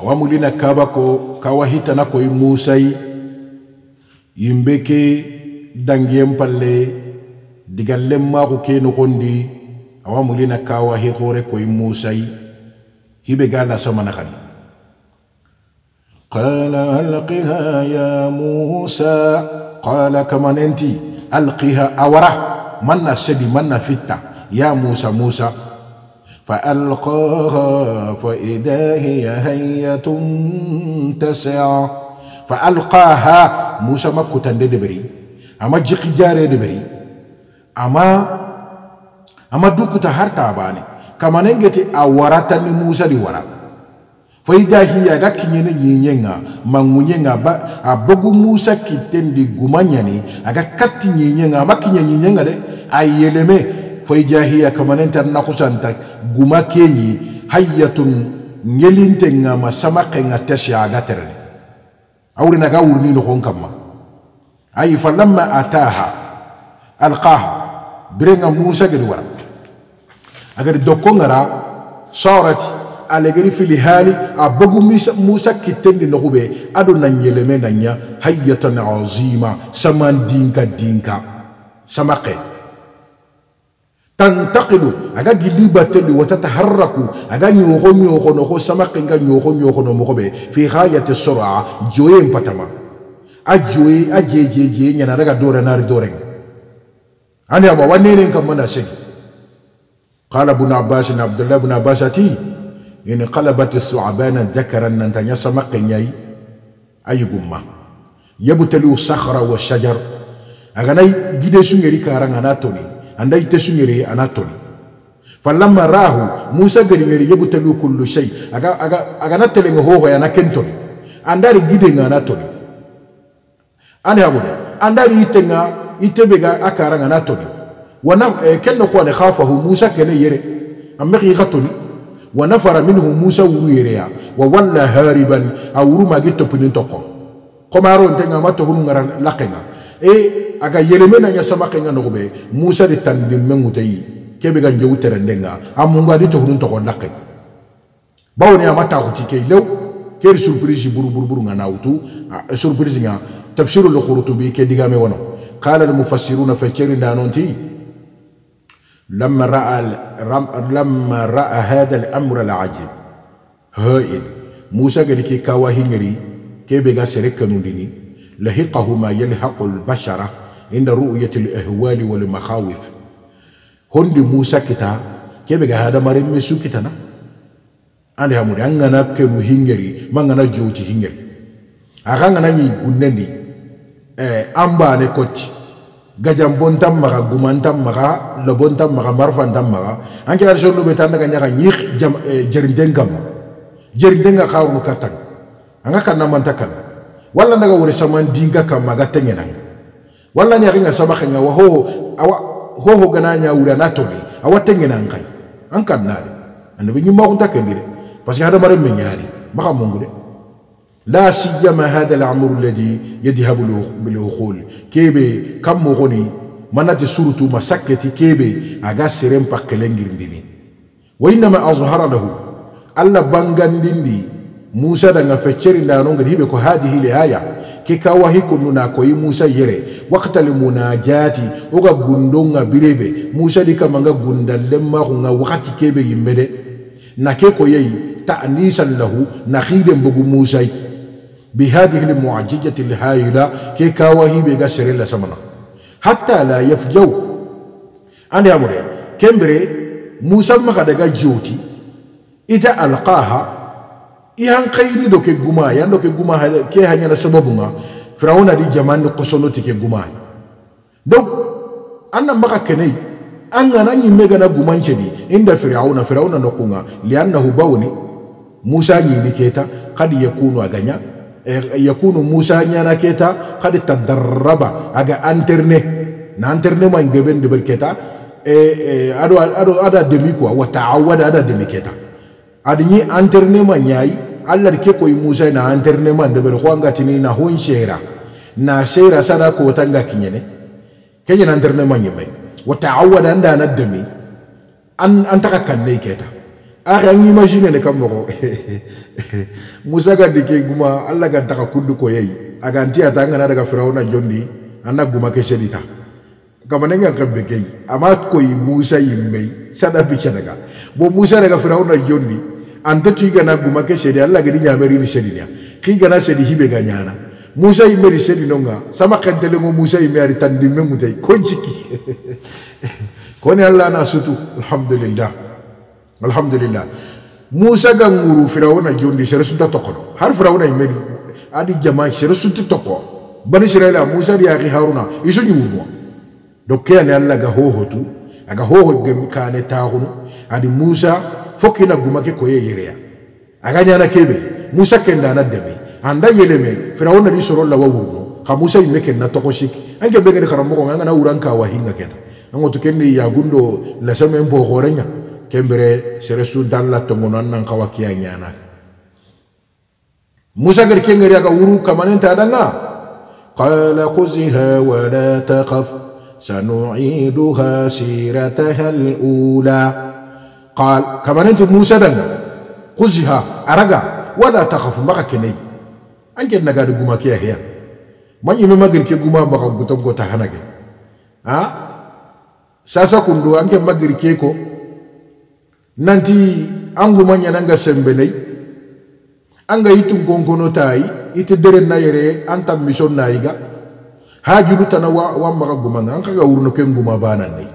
awamulina kabako kawahitana koyi musayi yimbe ke dangiyen palle digallen maku ke nokondi awamulina kawahi hore koyi musayi hibe gana samana kadi qala alqiha ya musa qala kamanenti alqiha awara manna sedi manna fitta ya musa musa فألقاها فإذا هي هية تسع فألقاها موسى مكوتا دبري أما جيقي جاري دبري أما أما دوكوتا هارتا باني كما نجتي أورات موسى دي ورا فإذا هي غاكي نيني نيني ما نيني با أبوغو موسى كي تندي غوما نيني أغا كاتي نيني ما كي نيني نيني دي أي يلمي foye jahiya kamanentan nakusanta guma keñi hayyatun ngelinte ngama samake nga tesi aga terene awri naga wurni nokon kamma ayi falamma ataha alqaha bire nga musa gedi wara agari dokko ngara sorati alegeri fili hali a bogu musa kittendi nokube ado na ngeleme na nya hayyatan azima samandinka dinka samake dinka. tantakilu aga gilibatelu watataharraku aga ñoxo ñoxono xo samakenga ñoxo ñoxono moxoɓe fi hayati sora joye patama a joye a jejeje ñana raga dorenari doren ani ama wa nenen kam mana segi qala bun abasin abdullah bun abas ati in kalabat sobana dakaran nantaña samakeñayi a yigumma yabutelu sahra wa shajar aganay gidesungeri karanga na toni anday tesuñire ana toli falamma rahu musa gari weri yegutalu kullu shay aga aga aga natele ngo hoho yana kentoli andari gide nga natoli ani abude andari itenga itebe ga akara nga natoli wana eh, kenno ko ne khafahu musa kene yere amme khi khatoli wa nafara minhu musa wuyere ya wa walla hariban awru ma gitto pinin tokko komaro ntenga matto hunu ngara lakenga e aga yeleme na ña samake ga nogoɓe moussa de tandi menŋutayi keɓe ga jewu terendenga a mungadi tohunun togo lake bawoni ama taxuti ke lew keri surprise buruburuburu ga nawutu surprise ga tafsirul khurutubi ke digame wono qala al mufassiruna fa cheri ndanonti lama raa lama raa hada al amre al ajib hoil moussa gedi ki kawahiŋeri keɓe ga sere kenundini lahiqahu ma yalhaqu albashara inda ru'yati lihwali walmahawif honndi musa kita keɓe ga hadamarenme sukitana ande hamude an gana kenu hingeri ma gana jowti hingeri aka ganañi gunnendi e anbane kotti gadian bontan maxa gumantan maxa lobontan maxa marfantan maxa ankeati sonnuɓe tandaga ñaxa ñi jerinten kamma jerinten ga xaruru kattan anga kannamanta kanna walla ndaga wori saman dinga kamma gatta ñena walla ñaxinga samaxenga wa hoho awa ho gana ñawuri ana toni a watte ñenan ngai an kan na de an naade annabi ñimmaxunta kendi de parce que mare me ñaani maxa mungu de لا سيما هذا الأمر الذي يذهب بالعقول كيبي كم مغني منات سورة مسكتي كيبي أغا سيرم باكلين وإنما أظهر azhara lahu alla bangandindi musa daga fecceri lanongel hiɓe ko haadi hile haya ke ka wahi konnuna koye musa yere waktale muna jaati oga gundo ga bireɓe musa di kama ga gundal lemmaku ga wakati keɓe yimɓe de na ke ko yeyi tanisan lahu na xiide mbogu musay bi hadihi lmuajijati lhayila ke ka wahiɓe ga sere la samana hatta la yafjaw ande amude kembere musa maxa daga jooti ita alkaha i han kayiri do ke guma yan do ke guma ke hañana sababu ŋa firawuna di jamandi kosono ti ke guma donc an na maxa keneyi an ŋana ñimme gana gumance di inda firawuna firawuna noku ŋa liannahu bawuni musa ñini keta xadi yakunu a gaña eh, yakunu musa ñana keta xadi tadarraba aga anterne na anterne ma geben debel keta eh, eh, ado ada demi quoi wa taawada ada demi keta adi ñi anterne ma ñayi allah ke koye musa na entrainement de ɓere ko angatini na hon seera na seera sana kotanga kiñene keñene entrainement ñimay wa taawada andana demi an antaka kannei keta axe an imagine ne kam moxo musa gandi ke guma allah gantaka kundu koyey aganti ata angana daga firawna jondi anna guma ke sedita kamanengan kebe kei ama koyi musa yimmey sana bicanaga bo musa daga firawna jondi an tatu i gana guma ke seedi alla gedi ñameri ni seedi ne ki gana seedi hibe ga ñana musa i meri seedi nonga sama xentelengo musa i me ari tandin me mutay kon sikki koni alla na sutu alhamdulillah alhamdulillah musa ga nguru firawna jondi sere sunta tokkono har firawna i meri adi jama sere sunti tokko bani israila musa di yaki haruna i suñi wurmo donc ke ani alla ga hohotu aga hoho gem kane taxunu adi musa fo kina gumake koye yereya aga ñana kebe musa kendana deme anda yeleme firaon nadi soro lawa wurno xa musa yimme kenna toxosik anke begeni xaranmoxo nga ngana wurankaa waxinga keta angoto kenni yagundo lasemen poxorenga ken bere seresu dalla tongono an nan xawa kiya ñana musa gari ke ngari aga wuru kamanenta danga qala kuziha wala taxaf sanuiduha siratha lula qal kabanenti musa danga kusiha araga wala takafu maga kenei anke nagadi guma kiya heya man ime magir ke guma baga gutongo tahanage ha sasa kundu anke magir keko nanti angu manya nanga sembenei anga itu gongono tai ite dere na yere anta mission na iga ha julu tanawa wa maga guma nga anka ga urno ken guma bana nei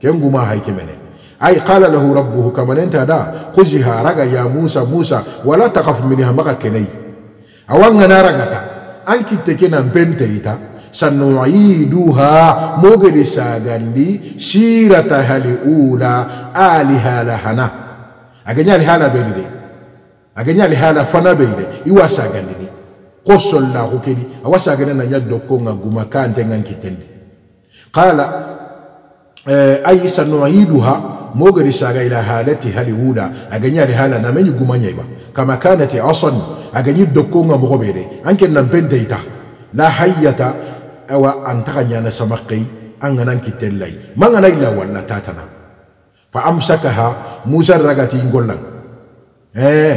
ken guma hay kemenei ay qala lahu rabbuhu kamanenta da kujiha raga ya musa musa wala takaf miniha maka kenei awangana ragata ankitte kena bente ita sanuiduha mogedi sagandi sirata hali ula aliha lahana agenya lihala benide agenya lihala fana beide iwa sagandini kosollaku keni awa sagenena nyaddokko nga guma kante ngankitende qala eh, ay sanuiduha mogari saga ila halati hali wuda agani ari hala na meni gumanya iba kama kana ti asan agani dokonga mogobere anke na bendeita la hayata awa antaka nyana samaki angana kitellai mangana ila wala tatana fa amsakaha musa ragati ngolla eh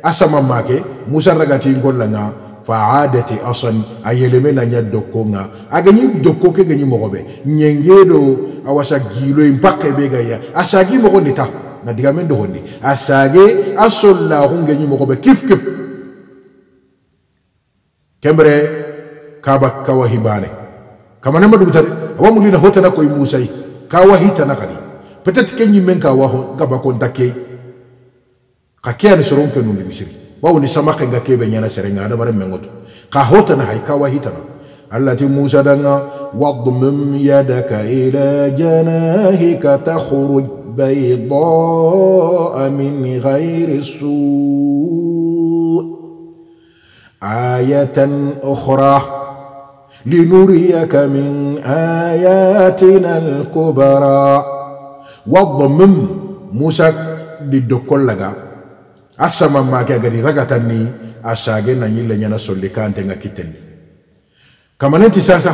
asama make musa ragati ngolla nga fa adati asan a yelemen a ñat dokko ŋa a geñi dokko ke geñi moxoɓe ñenge do a wasa giloyi mbakke ɓe gaya a sagi moxo ni ta na digamen doxondi a sage a sollaxu geñi moxoɓe kif kif kembre kaba kawa hibane kamane ma dugta de a wa mudina hotana koy musay ka waxitana xadi peut être ke ñimmen ka waxo gabakonta key xa ke ani soron ke nundi misiri ni sama kenga kebe nyana serenga ada bare mengot ka na hay ka na allati musa danga wadmum yadaka ila janahika takhruj baydaa min ghairi su ayatan ukhra لنريك من آياتنا الكبرى musa di dokol laga assa mammake agadi ragatan ni a sage na ñille ñana solli kante ŋa kitten kamananti sasa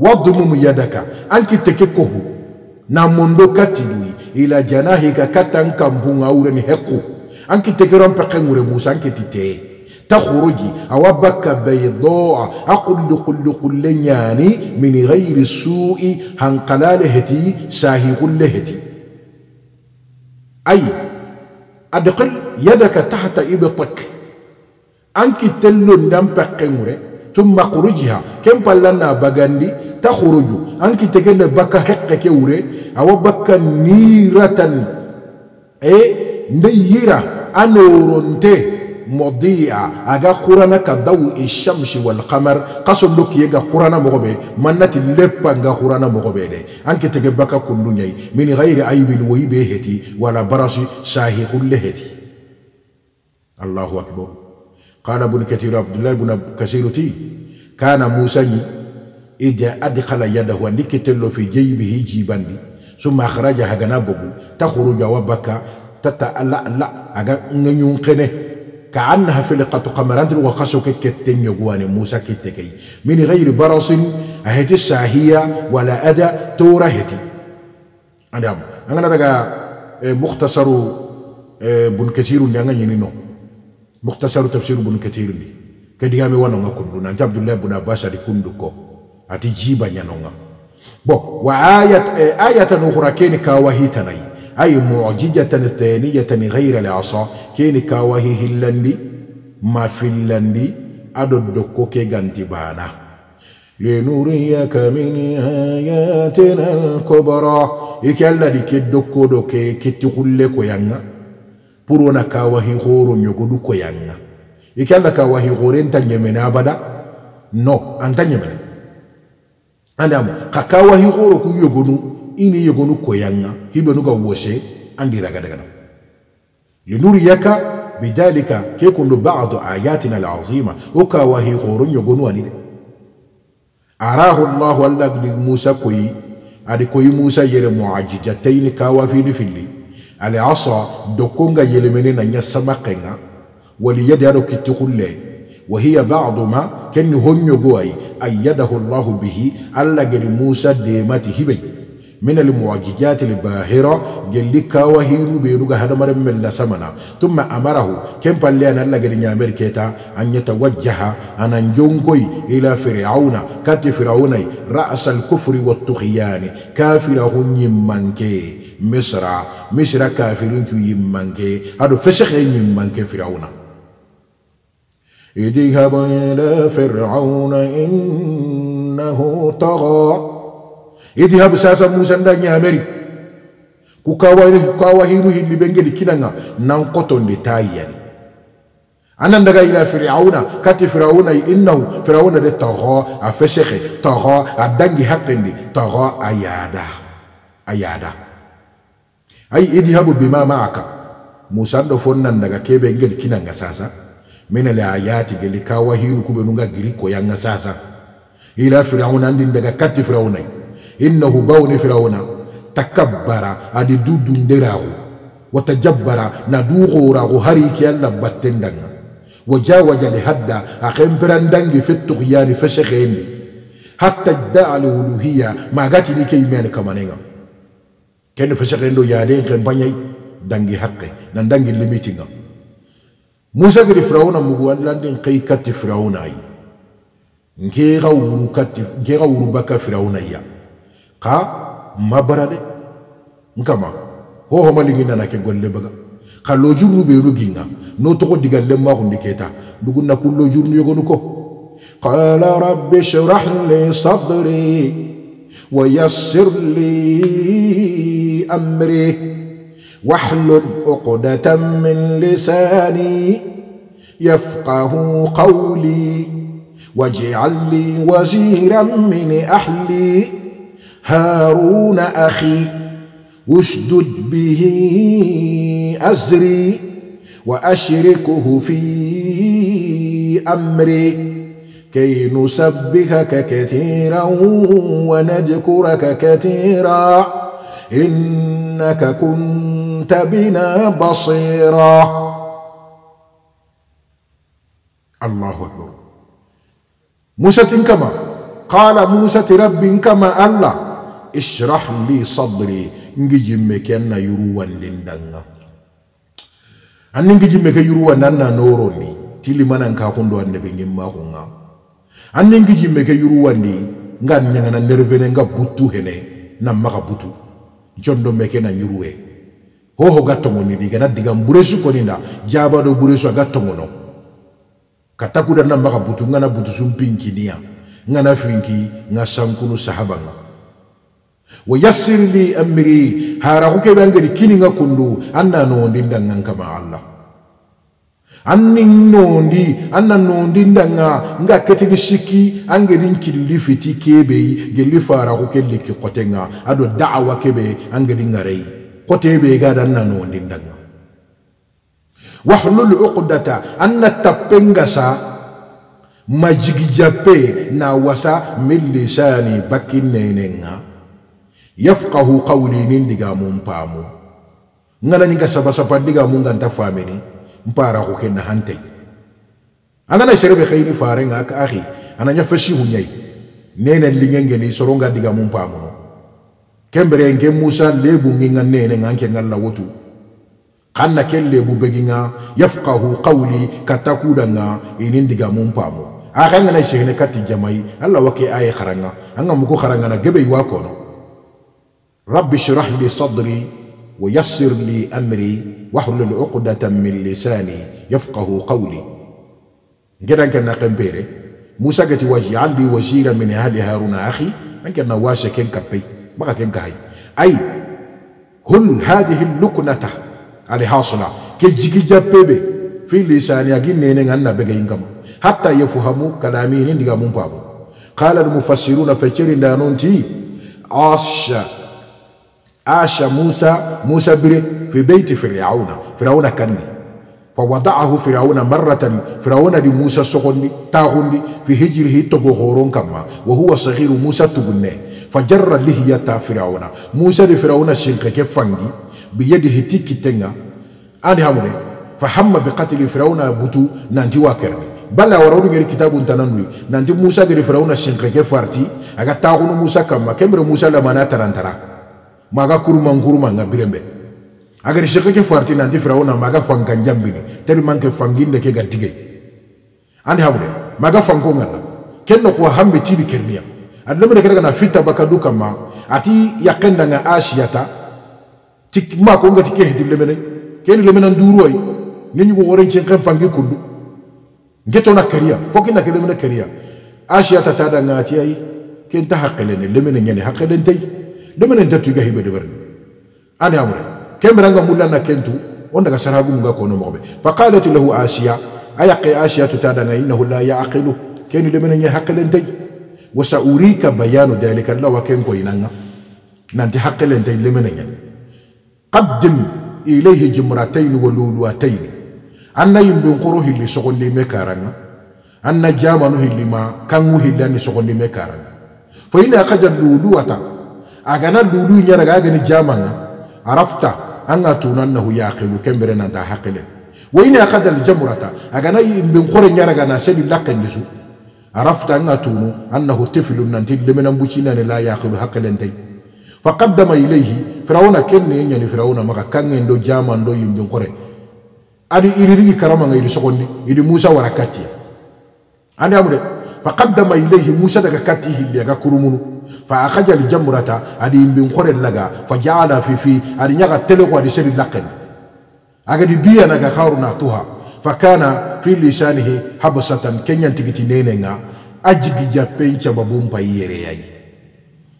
wadumum yadaka an kitte ke kohu na mondo katidui ila janahika katan kanbun a wureni hekku an kitte ke ron pekhen wure musa an kiti te تخرج أو بك بيضاء أقول لقل لقل يعني من غير السوء هنقلالهتي ساهي قل لهتي أي adkhil yadaka tahta ibtik anki tello ndan pekkenŋure tumma khurujiha ken pallanna bagandi ta khuruju anki tekende bakka hekke ke wure awa bakka niratan e nde yira anoronte modiya a e ga xurana ka daw i chamsi walkamar xasollo kiye ga xurana moxobe mannati leppa nga xurana moxobe de anke tege baka kundu ɲai min xayri ayibin woyi be heti wala barasi sahixunle heti allahu akbar qala bun katiru abdullahi bun kasiru ti kana musa ɲi ide adxala yadahu andi kitello fi jeyibihi jibandi suma axaraja hagana bogu ta xuruja wa bakka tata ala la aga ŋeɲunxene ka an na hafele kato kamarantin wa kaso ke kette nyogwane Musa kette kei mini gayri barasin aheti sahiya wala ada tora heti andam angana daga eh, mukhtasaru eh, bun kethiru ni anga nyini no mukhtasaru tafsiru bun kethiru ni kedi yami wano nga kundu nanti abdullahi bun abbas adi kundu ko ati jiba nyano nga bo wa ayat eh, ayata nukhura keni kawahitanai ay mujijatan thaniyatan gayra lasa keni kawahi hillandi ma fillandi ado dokko ke ganti bana linuriyaka min ayatina alkubra ike allah di ke dokko do ke kitti kulle koyanga pour wona kawahi horo ñogodu koyanga ike allah kawahi hore nta ñemene abada no anta ñemene andamo ka kawahi horo ku yogonu ini yogonu koyanga hibenu ga woshe andi raga daga linuri yaka bidalika ke kondo ba'du ayatina alazima uka wa hi qorun yogonu ani arahu allah walla bi musa koyi adi koyi musa yere mu'ajjijatayn ka wa fi ni filli ali asa dokonga yele menen na nyasama kenga wali yadi ado kitukulle wa hiya ba'du ma kenni honnyo goyi ayyadahu allah bihi alla gele musa de mati hibe من المعجزات الباهرة جلك وهيرو بيروغا هذا من سمنا ثم أمره كم الله جل نعمر كيتا أن يتوجه أن ينجوي إلى فرعون كات فرعون رأس الكفر والطغيان كافر يمنك مصر مصر كافرين يمنك هذا فسخ يمنك فرعون اذهب إلى فرعون إنه طغى hedi haɓe sasa moussa nda ñameri ko kawakawa hinu hilli ɓe geli kinaga nankotonde tayiyani anan daga ila firauna kati firauna innahu firauna de togo a feseke togo a dangi hakkendi togo a yada a yada ay idi habu bima maaka musa do fonnan daga kebe ngel kinanga sasa minale ayati gelika wahinu kube nunga giri ko yanga sasa ila firauna ndin daga kati firauna innahu bawni firawna takabbara adi du dunderaxu wa tajabbara na duxoraxu hari ke alla battendanga wa jawaja li hadda a xenperandangi fettuxiyani fesexeendi hatta daa li uluhiya magatini ke imeani kamanenga kene fesexeendo yaden xempañay dangi haqe nan dangi limitinga musa gidi firawna mugu allandin xey katti firawna ayi nkexa wuru katti nkexa wuru bakka firawna ya ka ma barade nkama hoho maligi nana ke golle baga ka lojurnu ɓeenu ginga no togo digallen maxundi keta dugunna ku lojurnu yogonu ko qala rabbi shrah li sadri wa yassir li amri واحلل عقدة من لساني يفقه قولي واجعل لي وزيرا من أهلي هارون أخي واشدد به أزري وأشركه في أمري كي نسبحك كثيرا ونذكرك كثيرا إنك كنت بنا بصيرا الله أكبر موسى كما قال موسى رب كما الله israh li sadri ngi jimme kenna yuruwandindanga anni ngi jimme ke yuruwandanna noronni tili manan ka kundo anne be ngimma kunga anni ngi jimme ke yuruwandi ngan nyangana nervene nga butu hene na maka butu jondo meke na nyuruwe ho ho gatto moni diga na diga mburesu koninda jaba do buresu gatto mono katakuda na maka butu ngana butu sumpinki niya ngana finki ngasankunu sahabanga wo yassir li amri hara ko keɓe angadi kininga kundu anna nondindanganka ma allah anni nondi anna nondindanga nga ketidi sikki angedin killi fiti keɓeyi gelli fara ko kelliki kotenga ado da'awa keɓe angedi ngarayi koteɓe gada anna nondindanga wahlul uqdata anna tappe ngasa majigi jappe na wasa min lisani bakkinnenenga yafqahu qawli nin diga mum pamu ngana nyinga saba saba diga ganta famini mpara ko ken hante anana sherbe khayni fare nga ka akhi ananya fashi hunyai nene lingenge ni soronga diga mum pamu kembere nge musa lebu nginga nene nganke ngalla wotu kanna ken lebu beginga yafqahu qawli katakudanga inin diga mum pamu. akhanga ngana shehne kati jamai alla wake aye kharanga anga muko kharanga na gebe wa kono رب اشرح لي صدري ويسر لي أمري واحلل عقدة من لساني يفقه قولي جدا كنا قمبيري موسى قتي واجعل لي وزيرا من أهل هارون أخي أن كنا واسا كن كبي ما كن كهي أي هل هذه اللقنة على حاصلة كجيكي جابيبي في لساني أجين نينين أنا بغي انكم حتى يفهموا كلامي ni ndiga قال المفسرون qala al mufassiruna asha musa musa bire fi beyti firauna firauna kanni fa wadaahu firauna maratan firauna di musa sogondi taahundi fi hijirihi togo horon kamma wa huwa sahiru musa tugunne fa jarra lihiyata firauna musa di firauna sinkeke fangi bi yadihi tikki tenga ani hamune fa hamma bi qatli firauna butu nanti wa kerni balla wara wudu ngeri kitabu ntananui nanti musa gedi firauna sinkeke farti aga taahunu musa kamma kembere musa lamana tarantara tara. maga kuruma nkuruma nga birembe agar shekhe ke farti nanti firauna maga fanga jambini tari manke fanginde ke gantige andi hamde maga fanko ngalla kenno ko hambe tibi kerniya adlamu de kerga na fitta duka ma ati yakenda nga asiyata tik ma ko ngati ke hidile lemene ken lemene menan duru ay ninyu ko oren cin kan pangi kuddu ngeto na kariya fokina ke le keriya kariya asiyata tada nga ati ay ken ta haqqelen lemene mena nyane haqqelen tay ɗum enen jattu gahiɓe ɗumere ɗum ani amre kemberanga mullana kentu on daga saragumuga kono moxoɓe fa qalat lahu asia a yaqe asia to tadanga innahu la yaaqilu keni ɗum enen ñe haqelentey wa sa urika bayanu dalika lawa ken koynanga nanti haqelentey lemene ñen qaddim ilayhi jumratayni wa luluwatayni annayi ndun koro hilli soxondime karanga anna jamanu hillima kanŋu hillanni soxondime karanga fa ina kajal luluwata a gana duulu ñaraga a gani jamanga arafta an ga tunannahu yaqilu kembere nanta haqilen wa ina akhada aljamrata a gana mbin xore ñaraga na sedi laqendi su arafta an ga tunu annahu tefilu nanti lemenanbucinane la yaqilu haqilen tey fa qaddama ilayhi firawuna kenne ñani firawuna maga kangendo jamando yimbin xore adi iririgi karamanga idi soxondi idi musa wara kattiya ande amude faqaddama ilayhi musa daga katihi daga kurumunu fa akhaja jamurata adi bin khore laga faja'ala fi fi adi nyaga tele ko adi sheri laqan aga di biya naga khawruna tuha fa kana fi lisanihi habsatan kenyan tigiti nene nga ajgi japencha babumpa yere yayi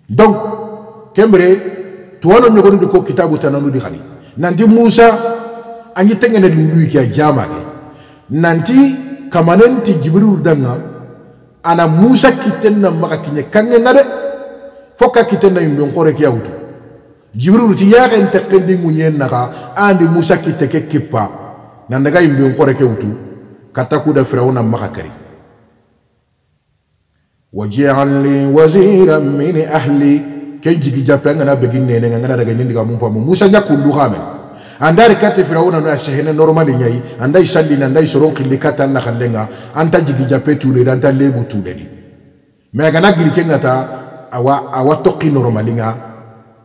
donc kembre to wono kitabu tananu nanti musa angi tengene du lui jama nanti kamanenti jibril danga ana musa kittenna maga kiñe kanŋe ŋa de fo ka kittenna yimbe nhore kiya wutu jibrilu ti yaxen tekkendinŋuñen naxa andi musa kitte ke kippa nandaga yimbe nhore ke wutu katta kuda firawuna maga kari wajalni wasira min ahli ke jigi jappe a ŋana begin nene ŋa ŋana daga nindigamunpamu musa ñakkundu xamene andari kate firawuna no a sehene normal ñayi anday sallini anday soron xilli kata n naxanlenga anta jigi jappe tuneri anta lebu tuneri ma gana giri ke ngata awa awa toqi normalinga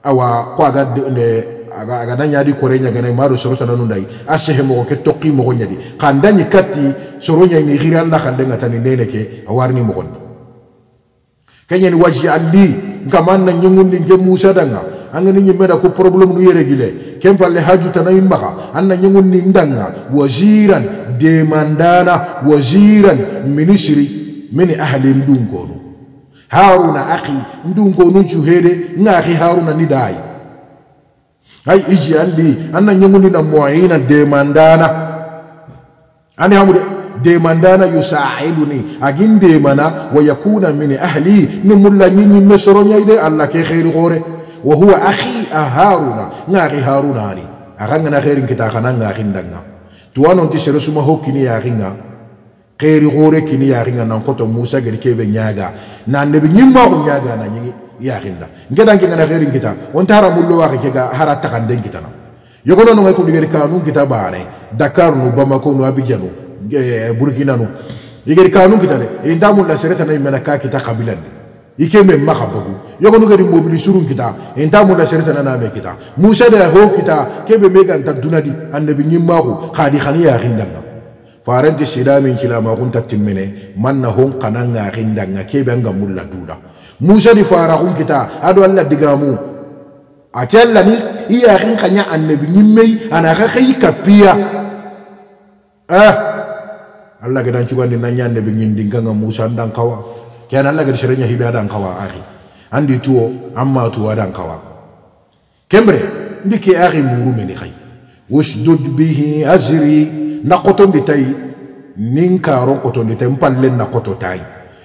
awa ko aga de aga aga na nyaadi kore nya gana maro soro tan nu ndai a sehe mo ke toqi mo nyadi khanda ni katti soro nya ni giri Allah khalle ngata ni nene ke awarni mo gon kenya ni waji alli ngama na nyungun ni je musa danga anga ni ñim meɗa ko probléme nu yeregile kempalle haju tanayin maxa anna ñagun ni ndanga wasiran demandana wasiran ministre mene ahalim dunkonu haruna aki ndunkonu cuhede ngaki haruna ni dayi ay iji alli anna ñagundi na moyina demandana ani hamude demandana yusaiduni agin demana wa yakuna min ahli ni mulla ñiñimme soroñayde allah ke xeeri xoore wa huwa ahi a haruna ngaxi harunaani a xangana xeerin kita xana ngaxindanga tuwanonti seresuma ho kini yaxinga xeeri xoore kini yaxinga nan xoto musa geni keɓe ñaga nandeɓe ñimmaxu ñaga na ñigi yaxinda ngedankengana xeerin kita wonta xara mulowaxe kega xara taxanden kitana yogononoga kundi geni kanu kita baane dakar nu bamako nu abidjanu eh, burkina nu i geni kanu kita de inta eh, mulla seretanayimena ka kita xabilande i ke men maxa bogu yogonu gedi mobili surun kita inta munda sharita nana me kita musa da ho kita ke be megan ta dunadi annabi nyimmahu khadi khani ya khindanga faran de sida min kila ma kunta timmene man na hon kananga khindanga ke be nga mulla duda musa di fara hun kita adu alla digamu a tella ni iya khin khanya annabi nyimmei ana kha khay kapia ah alla gedan chugandi nanya annabi nyindinga nga musa ndan kawa ken alla gadi sere hibe adan kawa ahi andi tuo amma tu adan kawa kembre ndi ke axi muru meni usdud bihi azri na qotondi tay nin qoton di tay len na qoto tay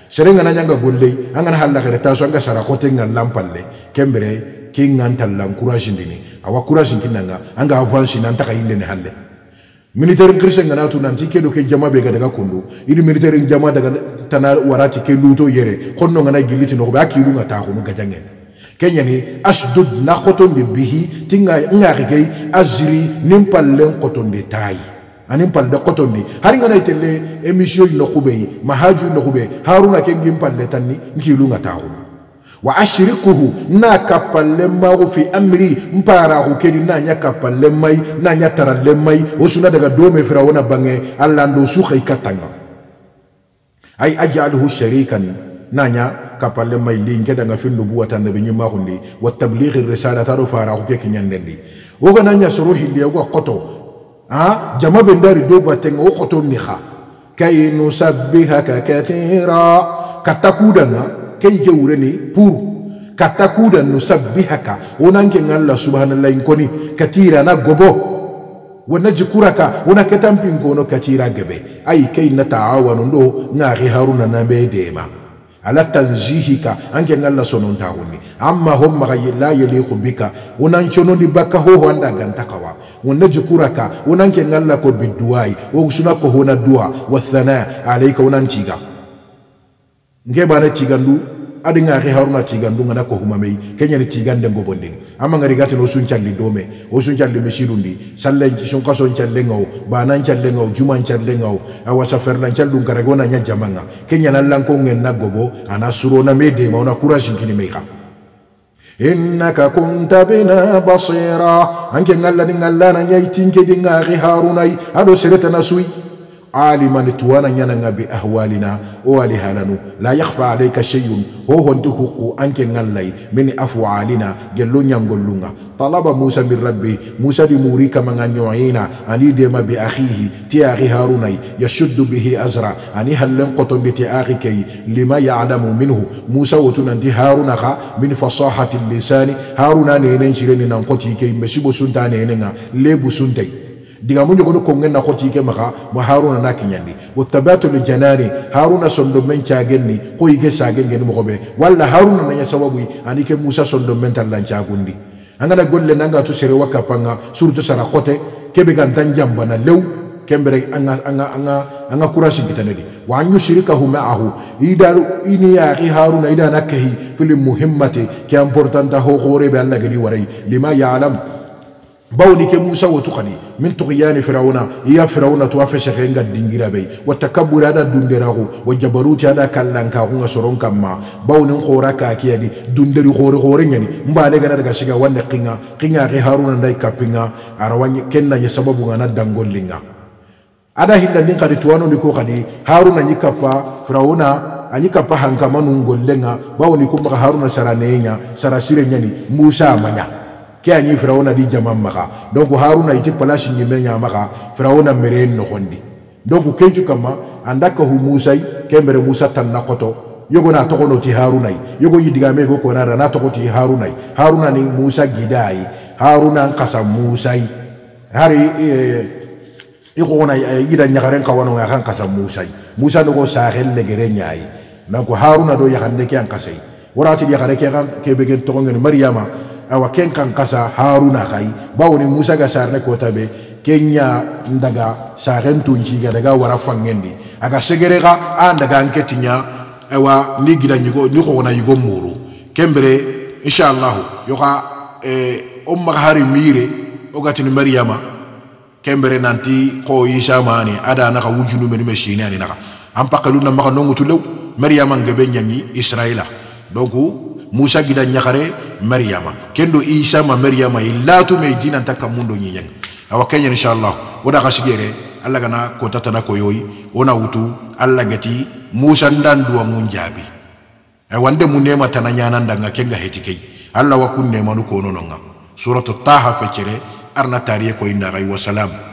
serenga na nyanga golle an gana halla xere ta so ga sara xoten gan lanpalle kembre king gan tallan courage ndini awa courage kinanga anga avance nan takay len halle militaire christien ngana tu nanti ke do ke jama be ga daga kondo idi militaire jama daga tana warati ke luto yere kondo ngana giliti no ba ki lunga ta ko no gajange kenya ni ashdud naqatun bi bihi tinga nga ke azri nim palen qoton de tai ani pal de qoton ni har ngana itelle emission no kubei mahaju no kubei haruna ke ngim palle tanni ki lunga ta ko wa ashrikuhu na kappanlenmaxu fi amri n paaraxu kedi na ɲa kappanlenmay na ɲa taranlenmay wo suna daga dome fira wona bange allando su xa i kattanga ay ajalehu sharikan na ɲa kappanlenmay linke danga fi nubuwata nabi ɲimmaxundi wa tablihi risala taro faaraxu ke kiɲandendi wo gana ɲa soro hilliya wo ga xoto a jama bendari do batenga wo xoton ni xa kay nusabihaka kathira katta kudanga kei gewureni pour katakuda nusabbihaka wonanke alla subhanallah in koni katirana gobo wonajikuraka wona ketanpinkono katira gebe ayi kei nataawanu ɗo gaahi haruna nabe dema ala tanjihika anke alla sonontawoni amma ho maa la yaliku bika wonancononi bakka hoho anda gantakawa wonajikuraka wonanke alla ko biduwayi wosunako hona duwa wathana alayka wonantiga ngeɓana tiganndu aɗingaaxi haruna tiganndu ngana ko humamey keñani tigande ngobondin amma ngari gatin o suncalli dome o suncalli misilu ndi salle sunkason callengao banan callengao juman callengao awa saferna callum karage wona ña jamanga keñana lanko ngen na gobo ana surona me dema ona couragenkini mey xa innaka kunta bina basira anke ngallani ngallana ñay tinkedingaaxi harunay aɗo seretana suy aliman tuwana ñananga bi ahwalina o ali halanu la yahfa alayka cheyun ho honti huqu anke ngallay min afwalina gello ñangollunga talaba musa min rabbi musa di muri kamanga ñoyina ani dema bi axihi ti axi harunay yasuddu bihi azra ani hallen qotondi ti axi key lima yalamu minhu musa wotunanti haruna xa min fasahati lisani haruna nenen cireni nan qoti key mesibo sunta nenenga lebu suntay digamu ñogono koŋgen na xoti ke maxa mo haruna na kiñandi wo tabatu li janani haruna sondo men cagenni ko yige sagengeni moxoɓe walla haruna naña sababuy ani ke musa sondo men tan lancagundi a ngana golle nanga tu sere wakka panga surtout sara xote keɓe gantan jambana lew kembere anga anga anga anga kura sigitane di wa an yushrikahu ma'ahu idaru ini ya ki haruna idana kahi fil muhimmati ki importanta ho khore be allah gidi warai lima ya'lam ya bawni ke musa wotukani min tugiyani firauna iya firauna tuwa fesehe nga dingiraɓey wa takabure aɗa dunderaku wa jabaruti aɗa kallankakunga soron kamma bawnin hora kakiyani dunderi hori horeyani mbane gana daga siga wanne kinga kinga ki haruna nday kappinga arawa kennaye sababu ngana dangollinga aɗa hillandin kadi tuwanoni ko kadi haruna ñi kappa firauna ani kappa hankamanun gollenga bawni kumbaka haruna sara neya sara sireyani musa amaya mm -hmm. ke a ñi firawuna di jaman maxa donc haruna iti place ñimme ñamaxa firawuna mereen noxondi donc kencu kamma anda kahu musay ke mbere musa tan na koto yogo na togono ti harunay yogo ñi digame go konara na togo ti harunay haruna ni musa giday haruna n kasa musay hari e, i xoxona yida e, ñaxaren xawanonga xan kasa musay musa nogo saxel legere ñaay donc haruna do yaxan ne ke an kasay waratid yaxare ke xan ke begen toxongene mariama awa ken kan kasa haruna kayi bawoni musa ga sarne kota be ken ya ndaga sarentunci ga daga wara fangendi aga segere ga andaga anketinya awa ni gida nyigo ni ko na yigo muru kembere inshallah yoka e eh, umma hari mire o gatini maryama kembere nanti ko isa mani ada na ka wujunu men machine ani naka am pakalu na maka nongutulew maryama ngebe nyanyi israila donc musa gida nyakare mariama kendo isama mariama i latume i dinanta ka mundo ñiñeng awa keñe inchallah woda xa sigere alla gana kotatana koyoy wona wutu alla geti moussa ndan duwa mun jaabi e wande mu nema tana ñanandanga kenga heti key alla wakku nemanu konononga surato taha feccere arna tariye koyi ndaxay wasalam